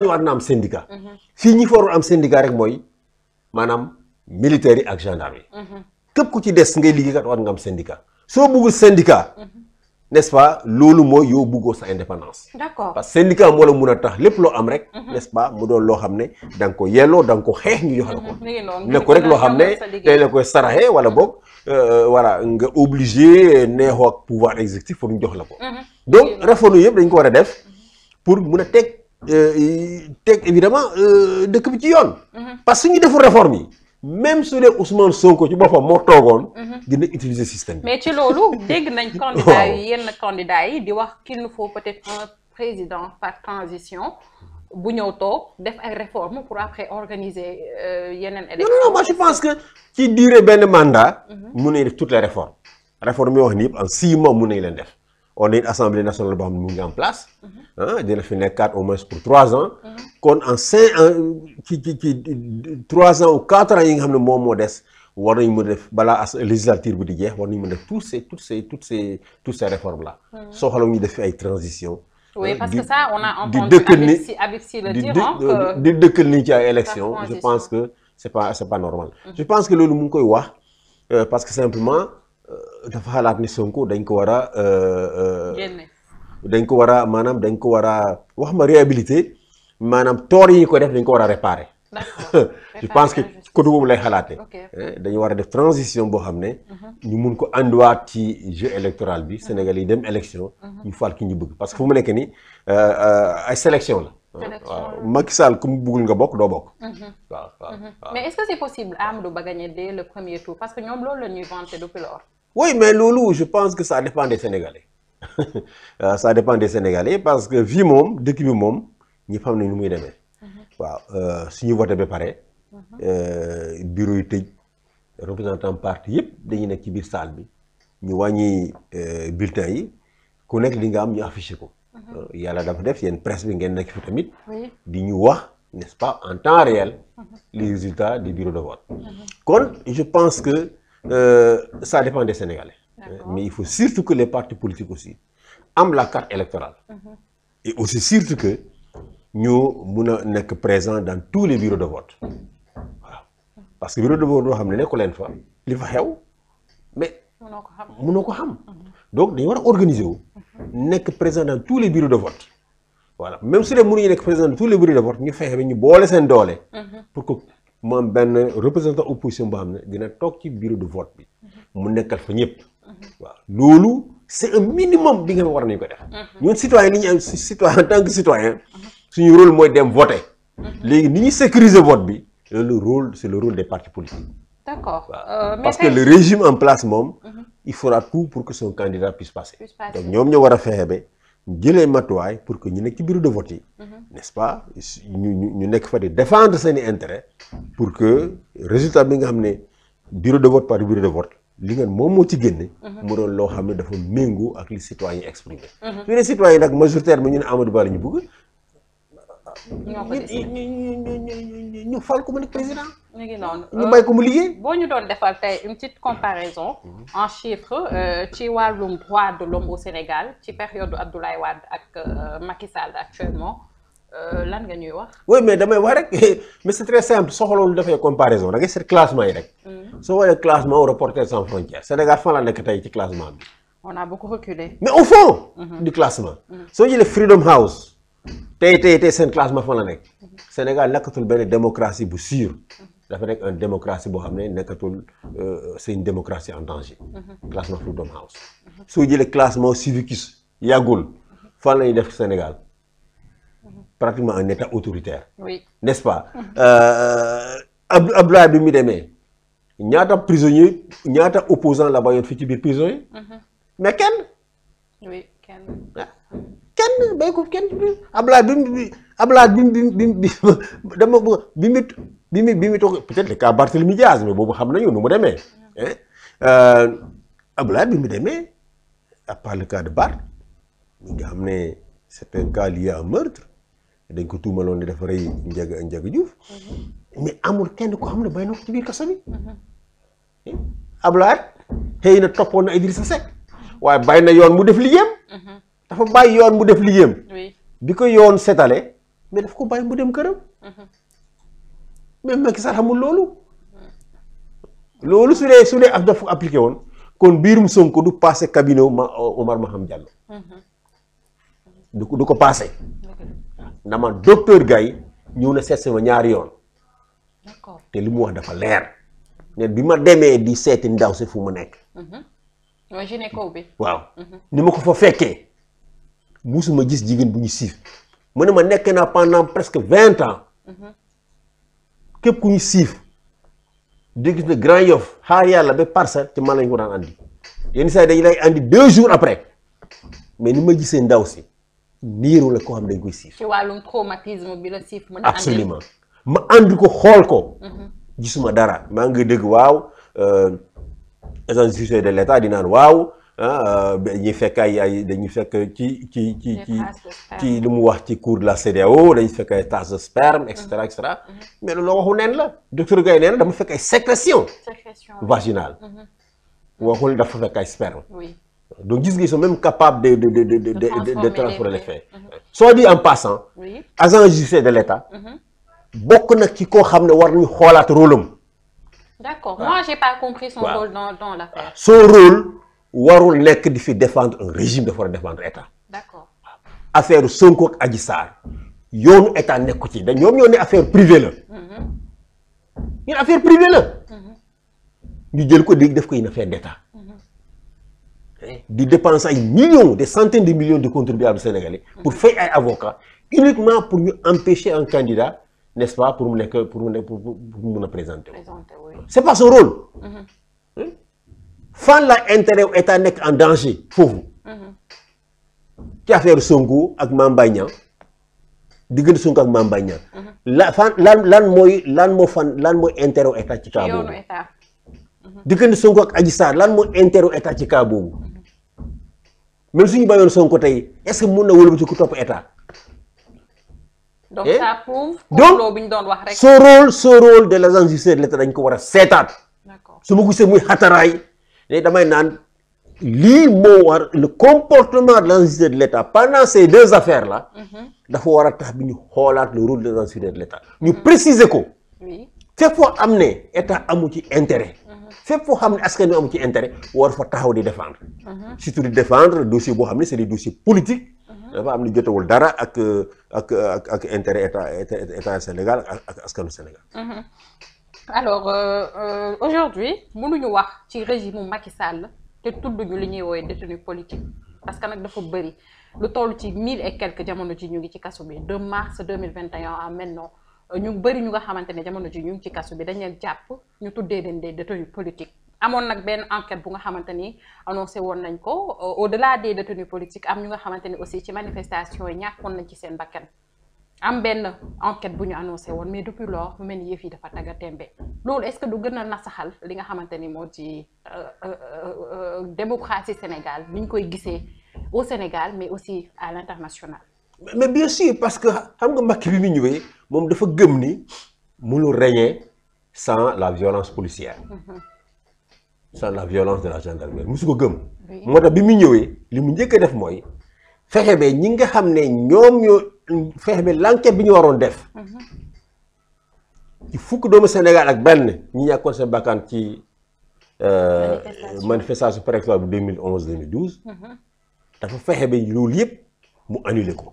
ñu war na am syndicat. Mhm. fii ñi forul am syndicat yi ak gendarmes yi. Mhm. képp ku ci des ngay liggéey kat war nga am syndicat soo bëggul syndicat. Mhm. n'est-ce pas loolu mooy yow bëggoo sa indépendance. d'accord parce que syndicat moo la mun a tax lépp loo am rek. n'est-ce doon loo xam ne da nga ko yelloo da ko xeex ñu jox la ko. ne ko rek loo xam ne tey la koy saraxe wala boog euh, voilà nga obligé neexoo ak pouvoir exécutif pour ñu jox la ko. donc réforme yëpp dañ ko war a def pour mun a teg. Euh, teg évidemment euh, dëkk bi ci yoon. Mhm. parce que ñu deful réforme yi. même su dee Ousmane Sonko ci boppam moo toogoon. Mhm. dina utiliser système bi. mais ci loolu dégg nañ. candidat yi yenn candidat yi di wax qu'il nous faut peut-être un président par transition. bu ñëw toog def ay réformes pour après organiser euh, yeneen. élection non non pense que. ci durée benn mandat. Mhm. mun nañu def toutes les réformes réformes yoo xam ne yëpp en six mun nañu leen def. on a une assemblée nationale boo xam ne mu ngi en place ah, dina fi nekkaat au moins pour trois ans kon en cinq ans ci ci ci trois ans ou quatre ans yi nga xam ne moom moo des war nañu mën a def balaa as législature bi di jeex war nañu mën a def tous ces tout ces toutes ces toutes ces réformes là soxla ñu def fi ay transition oui euh, parce que ça on di dëkk nii euh, ci ay élection je pense que c'est pas normal mm-hmm. je pense que loolu mu ngi koy wax euh, parce que simplement Eh, dafa xalaat ni Sonko dañ ko war a. Eh, eh, dañ ko war a maanaam dañ ko war a wax ma réhabilité maanaam toor yi ko def dañ ko war a réparer. je pense que côté boobu lay xalaatee. dañu war a def transition boo xam ne. Mhm. ñu mun ko andiwaat ci jeu électoral bi mhm. Sénégal yi dem élection. Mhm. ñu fal ki ñu bëgg parce que fu mu nekk ni ay sélection la. waaw Macky Sall ku mu bëggul nga bokk doo bokk. oui mais loolu je pense que ça dépend des Sénégalais sa euh, dépend des Sénégalais parce que vie moom dëkk bi moom ñi xam nañ nu muy demee. waaw euh, suñu voté ba pare. Mhm. Euh, bureau yi tëj représentant parti yëpp dañuy nekk ci biir salle bi ñu wàññi bulletin yi ku nekk li nga am ñu affiché ko. Mhm. yàlla dafa def yéen presse bi ngeen nekk fi tamit. di ñu wax n'est-ce pas en temps réel. Mhm. les résultats des bureaux de vote. kon je pense que. euh, ça dépend des Sénégalais. Mais il faut surtout que les partis politiques aussi am la carte électorale. Mm -hmm. Et aussi surtout que ñu mun a nekk présent dans tous les bureaux de vote. Voilà. Parce que bureau de vote boo xam ne nekku leen fa li fa xew mais. mënoo ko xam mënoo ko xam. Mhm. donc dañu war a organiser wu. Mhm. nekk présent dans tous les bureaux de vote. voilà même su dee mënuñu nekk président de tous les bureaux de vote ñu fexe ba ñu boole seen doole. Mhm. mu am benn représentant opposition boo xam ne dina toog ci bureau de vote bi mu nekkal fa ñëpp waaw loolu c'est un minimum bi nga war nañu ko def ñun citoyen li ñu am citoyen en tant que citoyen suñu rôle mooy dem voter léegi ni ñuy sécuriser vote bi loolu rôle c'est le rôle des partis politiques d'accord euh, parce que le régime en place moom mhm. il fera tout pour que son candidat puisse passer donc ñoom ñoo war a fexe ba jëlee matuwaay pour que ñu nekk ci bureau de vote yi mhm. n'est-ce nekk fa di défendre seeni pour que résultat bi nga xam ne bureau de vote par bureau de vote li ngeen moom moo ci génne. moo doon loo xam ne dafa méngoo ak li citoyen exprimé. su mhm. ne citoyen yi nag majoritaire bi ñu ne Amadou Ba ñu bëgg. ñu ñu fal ko mu nekk président. ñu ngi ko mu euh, liggéey. boo ñu doon defal tey une petite comparaison. Mhm. en chiffres euh, ci wàllum droit de l'homme Sénégal ci période Abdoulaye Wade ak euh, Macky Sall actuellement. Euh, lan nga ñuy wax. oui mais damay wax rek mais c'est très simple soxaloon dafay comparaison da ngay yi rek. Mm. soo waree classement Reporters sans frontières Sénégal fan la nekk tey ci classement bi. on a beaucoup reculé. mais au fond. Mm-hmm. du classement. Mm-hmm. soo jëlee Freedom House. tey tey tey seen classement fan la nekk. Mm-hmm. Sénégal nekkatul benn démocratie bu sûre. dafa nekk un démocratie boo xam ne nekkatul euh, c'est une démocratie en danger. classement Freedom House. soo jëlee classement Civicus yàggul fan la def Sénégal. pratiquement un état autoritaire. n'est-ce pas. Euh, Abdou Abdoulaye bi mu demee ñaata prisonnier ñaata opposant la ba yoon fii ci biir prison yi. Mhm. mais kenn. kenn. kenn ko kenn Abdoulaye bi mu Abdoulaye bi mu bi bi bi mu bi mu bi mu toog peut-être le cas Barthélemy Diaz mais boobu xam nañu nu mu demee. Euh, Abdoulaye bi mu demee à part le cas de Barth. nga xam ne c'est un cas lié à meurtre. dañ ko tuumaloon ni dafa rëy njëg njëg Diouf mhm. mais amul kenn ko xam ne bay na ko ci biir kaso bi mhm. eh? Abdoulaye xëy na toppoon na Idrissa Seck mhm. waaye bàyyi na yoon mu def liggéeyam dafa bàyyi yoon mu def liggéeyam bi ko yoon setalee mais daf ko bàyyi mu dem këram mais Macky Sall xamul loolu loolu su dee su dee af dafa appliqué woon kon biirum Sonko du passé cabinet Omar Maham Diallo du ko du ko passé na ma docteur ñëw na seet si ma ñaari yoon te li mu wax dafa leer ne bi ma demee di seeti ndaw si fu mu nekk. waa mhm. gynéco waaw mhm. ni ma ko fa fekkee musuma gis jigéen bu ñu siif mu ne ma nekk naa pendant presque vingt ans mhm. képp ku ñu siif di gis ne Grand Yoff xaar yàlla ba parcelle ci man lañ ko daan andi yenn saa yi dañu lay andi deux jours après mais ni ma gisee ndaw si. niiru la koo xam ne dañ koy siif. ci wàllum traumatisme bi la siif. mën na absolument ma ànd ko xool ko. Mhm. gisuma dara maa ngi dégg waaw euh, agence judiciaire de l'état dinaan waaw. ah dañuy euh, fekk ay ay dañuy fekk ci ci ci ci ci lu mu wax ci cour la CEDEAO dañuy fekk ay taches de sperme et cetera et cetera mhm. Mhm. mais loolu waxu neen la docteur Gaye nee na dama fekk ay sécrétion vaginale waxul dafa fekk ay sperme Donc, ils sont même capables de, de, de, de, de transformer les faits. Mhm. en passant, agent judiciaire de l'État, beaucoup nag gens koo xam ne war D'accord. xoolaat je n'ai pas compris son rôle dans, dans warul nekk di fi défendre un régime de for a défendre état. d'accord affaire Sonko ak Adji Sarr yoonu état nekku ci da ñoom ne affaire privée la. Mhm. ñun affaire privée la. Mhm. ñu jël ko di def ko une affaire d' di dépenser ay millions des centaines de millions de contribuables sénégalais pour mm-hmm. fay ay avocats uniquement pour ñu empêcher un candidat n'est-ce pas pour mu nekk pour mu nekk pour mu mun a présenter wu. c'est pas son rôle. Mm-hmm. Hmm? fan la intérêt wu état nekk en danger foofu. Mm-hmm. ci affaire Sonko ak Mame Mbaye Niang diggante Sonko ak Mame Mbaye Niang. lan mooy lan moo fan lan mooy intérêt wu état ci cas boobu. diggante Sonko ak Adji Sarr mooy intérêt état ci cas boobu. même suñu bayoon Sonko tey est-ce que mun na wëlbati ku topp état. donc eh? ça prouve. donc ñu doon wax rek. son rôle son rôle de l'agent judiciaire de l'État dañ ko war a seetaat. d'accord su ma gisee muy xataraay damay naan lii moo war le comportement de l'agent judiciaire de l'État pendant ces deux affaires là. Mhm. dafa war a tax bi ñu xoolaat le rôle de l'agent judiciaire de l'État. ñu mhm. préciser ko. oui fépp am ne état amu ci intérêt. fépp foo xam ne askan wi am ci intérêt war fa taxaw di défendre. Mhm. surtout di défendre dossier boo xam ne c'est des dossiers politiques. Mhm. dafa am lu jotewul dara ak ak ak ak intérêt état état Sénégal ak askanu Sénégal. Mhm. alors euh, euh, aujourd'hui mënuñu wax ci régime Macky Sall te tudduñu li ñuy woowee détenu politique parce que nag dafa bëri lu toll ci mille et quelques jamono ci ñu ngi ci kaso bi de mars deux mille vingt et un à ñu bëri ñu nga xamante ne jamono ji ñu ngi ci kasu bi dañ leen jàpp ñu tuddee leen des détenus politiques amoon nag benn enquête bu nga xamante ni annoncé woon nañ ko euh, au delà des détenus politiques am ñu nga xamante ni aussi ci manifestation yi ñàkkoon nañ ci seen bakkan am benn enquête bu ñu annoncé woon mais depuis lors mu mel ni yëf yi dafa tagga tembe loolu est-ce que du gën a nasaxal li nga xamante ni moo ci euh, euh, démocratie Sénégal ni ñu koy gisee au Sénégal mais aussi à l'international moom dafa gëm ni mënul régner sans la violence policière sans la violence de la gendarmerie musu ko gëm. moo tax bi mu ñëwee li mu njëkk def mooy fexe ba ñi nga xam ne ñoom ñoo fexe ba l'enquête bi ñu waroon def. ci mhm. fukk doomu Sénégal ak benn ñi ñàkkoon seen bakkan ci. Euh, manifestation préélectorale bu 2011 2012. Mhm. dafa fexe ba loolu yëpp mu annulé ko.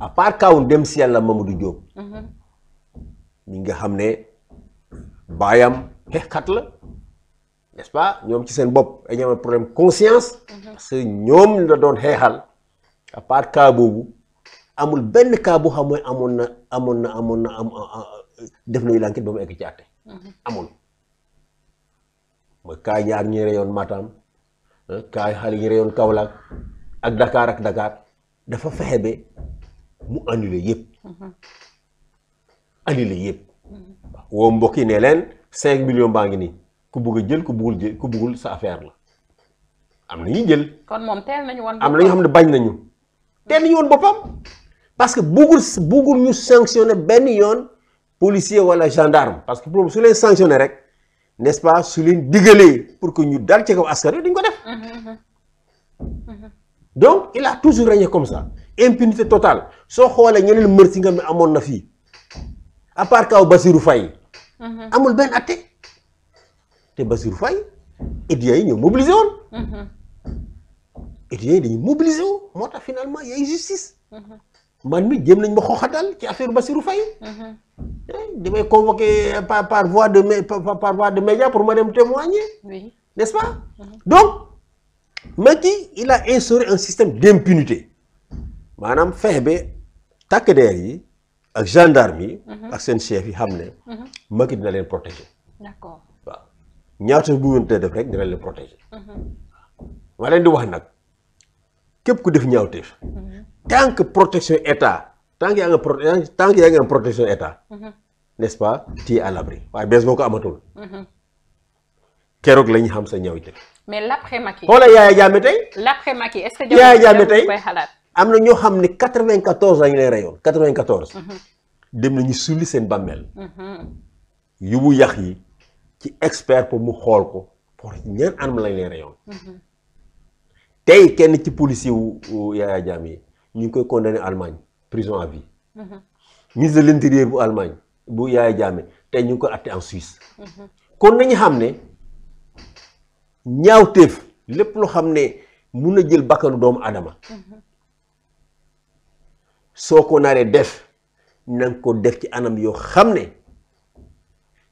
à part kaw dem si yàlla du Diop. Mhm. ñi nga xam ne baayam xeexkat la n'est-ce ñoom ci seen bopp a am problème conscience. Mhm. parce que ñoom la doon xeexal à part boobu amul benn kaa bu xam mooy amoon na amoon na amoon na am def nañu l'enquête ba mu egg ci àtte. Mhm. amul mooy cas ñaar ñu reyoon Matam cas xale ñu reyoon Kaolack ak Dakar ak Dakar dafa fexe ba. mu annulé yëpp. Mhm. annulé yëpp. woo mbokk yi ne leen cinq millions baa ngi nii ku bugg jël ku buggul jël ku buggul sa affaire la am na ñuy jël. kon moom teel nañu woon am na xam ne bañ nañu. teel nañu woon boppam parce que buggul buggul ñu sanctionné benn yoon policier wala gendarme parce que pour su leen sanctionné rek n'est-ce pas su leen digalee pour que ñu dal ci kaw askan wi duñ ko def. Mhm, mhm, donc il a toujours régné comme ça. impunité totale soo xoolee ñeneen mër nga ne amoon na fii à part kaw Basirou Faye mhm. amul benn atte te Basirou Faye étudiants yi ñoo mobilisé woon mhm. étudiants yi dañu mobilisé moo tax finalement y justice mhm. man mi jéem nañ ma xooxatal ci affaire Basirou di eh, damay convoqué par par voie de par voie de média pour ma dem témoigner oui n'est-ce pas donc Macky il a instauré un système d'impunité maanaam fexe ba takk der yi ak gendarme yi. Mhm. ak seen chef yi xam ne. Mhm. Macky na leen protéger. d'accord waaw ñaata bu def rek dina leen protéger. Mhm. ma leen di wax nag képp ku def ñaawteef. tant que protection état tant que yaa nga pro tant que protection état. n'est-ce pas téye waaye bés boo ko amatul. keroog la xam sa ñaawteef. mais l'après Macky. xoolal Yaya Jammeh tey. l'après Macky est tey xalaat. am na ñoo xam ne 94 lañu lay reyoon 94. Mhm. dem nañu sulli seen bàmmeel. Mhm. yóbbu yax yi ci expert pour mu xool ko pour ñaan anam lañ lay reyoon. Mhm. tey kenn ci policier wu Yaya Jammeh yi ñu ngi koy condamné Allemagne prison à vie. ministre de l'intérieur bu Allemagne bu Yaya Jammeh tey ñu ngi koy atte en Suisse. kon nañu xam ne ñaawteef lépp loo xam ne mun na jël bakkanu doomu adama soo ko naree def na ko def ci anam yoo xam ne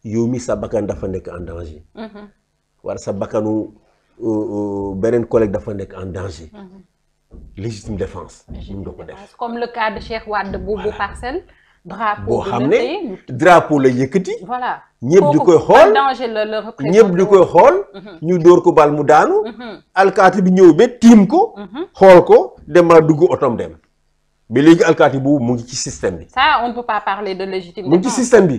yow mi sa bakkan dafa nekk en danger. Mhm. wala sa bakkanu euh, euh, beneen collègue dafa nekk en danger. Mhm. légitime défense. mun nga ko def comme boo xam ne drapeau la yëkkati. voilà di koy xool ñëpp di koy xool. Mhm. ñu dóor ko bal mu daanu. alkaati bi ñëw ba tiim ko. xool ko dem ba dugg otom dem. mais léegi alkaati boobu mu ngi ci système bi. ça on peut pas parler de légitime défense mu ngi ci système bi.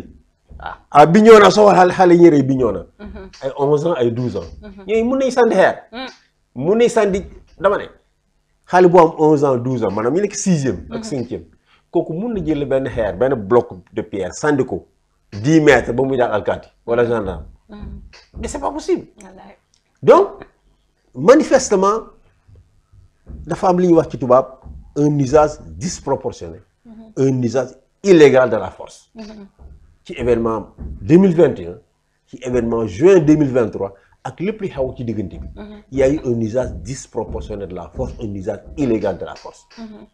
waaw ah. ah Bignona soo waxee xale yi ñu rey Bignona. Mhm. ay 11 ans ay 12 ans. Mhm. yooyu mun nañu sànni xeer. Mhm. mun nañu sànni dama ne. xale bu am 11 ans 12 ans maanaam ñu nekk sixième. ak cinquième kooku mun na jël benn xeer benn bloc de pierre sànni ko 10 mètres ba mu daal alkaati wala gendarme. mais c'est pas possible. manifestement dafa am li ñuy wax ci tubaab. un usage disproportionné un usage illégal de la force ci événement mille 2021 ci événement juin 2023 ak lépp li xew ci diggante bi mhm. y a eu un usage disproportionné de la force un usage illégal de la force mhm.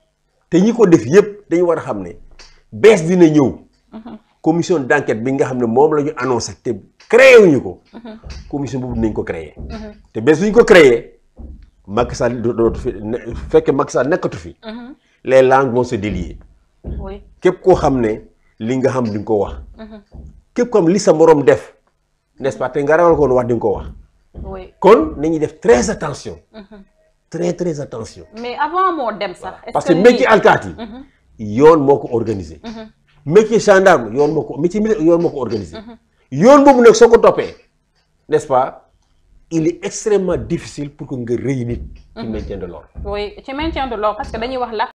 te ñi ko def yépp dañu war a xam ne bees dina ñëw mhm. commission d'enquête bi nga xam ne moom la ñu annoncé te créé wuñu ko commission boobu dinañ ko créé te bees suñ ko créé Macky Sall dootu fi fekkee nekkatu fi. Mhm. les langues vont se délier. oui képp koo xam ne li nga xam di ko wax. Mhm. képp ko xam li sa morom def n'est-ce pas te nga rawal ko wax di ko wax. oui kon nañuy def très attention. Mhm. très très attention. mais avant moo dem sax. parce que métier alkaati yi. yoon moo ko organisé. métier gendarme yoon moo ko métier yoon moo ko organisé. yoon boobu ko toppee il est extrêmement difficile pour que nga rëy nit. ci mhm. maintien de l'ordre. parce que dañuy wax la.